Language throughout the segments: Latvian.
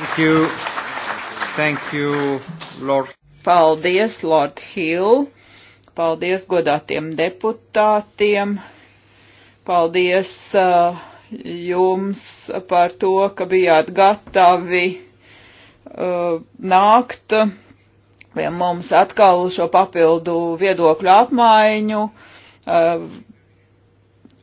Thank you. Thank you, Lord. Paldies, Lord Hill. Paldies godātiem deputātiem. Paldies uh, jums par to, ka bijāt gatavi uh, nākt pie mums atkal šo papildu viedokļu apmaiņu. Uh,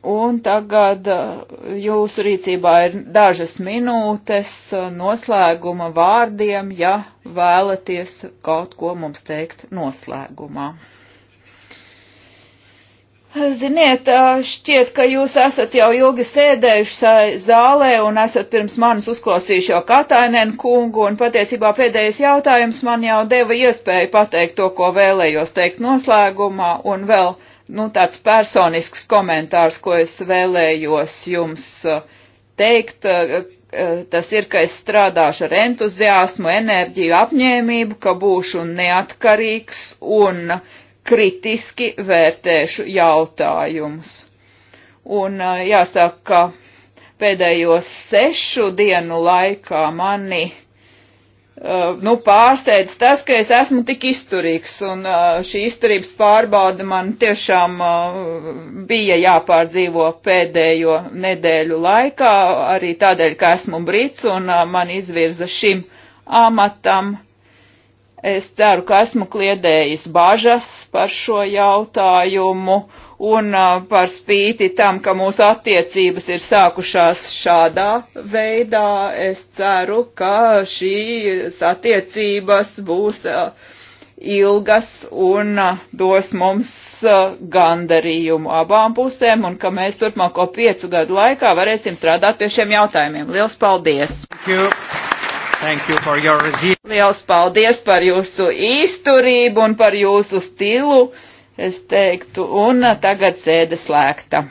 Un tagad uh, jūsu rīcībā ir dažas minūtes noslēguma vārdiem, ja vēlaties kaut ko mums teikt noslēgumā. Ziniet, uh, šķiet, ka jūs esat jau ilgi sēdējuši zālē un esat pirms manis uzklausījuši jau Katainen kungu, un patiesībā pēdējais jautājums man jau deva iespēju pateikt to, ko vēlējos teikt noslēgumā, un vēl nu, tāds personisks komentārs, ko es vēlējos jums uh, teikt. Uh, uh, tas ir, ka es strādāšu ar entuziasmu, enerģiju, apņēmību, ka būšu neatkarīgs un kritiski vērtēšu jautājumus. Un jāsaka, ka pēdējo sešu dienu laikā mani uh, Uh, nu, pārsteidz tas, ka es esmu tik izturīgs, un uh, šī izturības pārbauda man tiešām uh, bija jāpārdzīvo pēdējo nedēļu laikā, arī tādēļ, ka esmu brits, un man izvirza šim amatam. Es ceru, ka esmu kliedējis bažas par šo jautājumu un par spīti tam, ka mūsu attiecības ir sākušās šādā veidā. Es ceru, ka šīs attiecības būs ilgas un dos mums gandarījumu abām pusēm un ka mēs turpmāko piecu gadu laikā varēsim strādāt pie šiem jautājumiem. Liels paldies! Thank you. You your... Liels paldies par jūsu izturību un par jūsu stilu, es teiktu, un tagad sēde slēgta.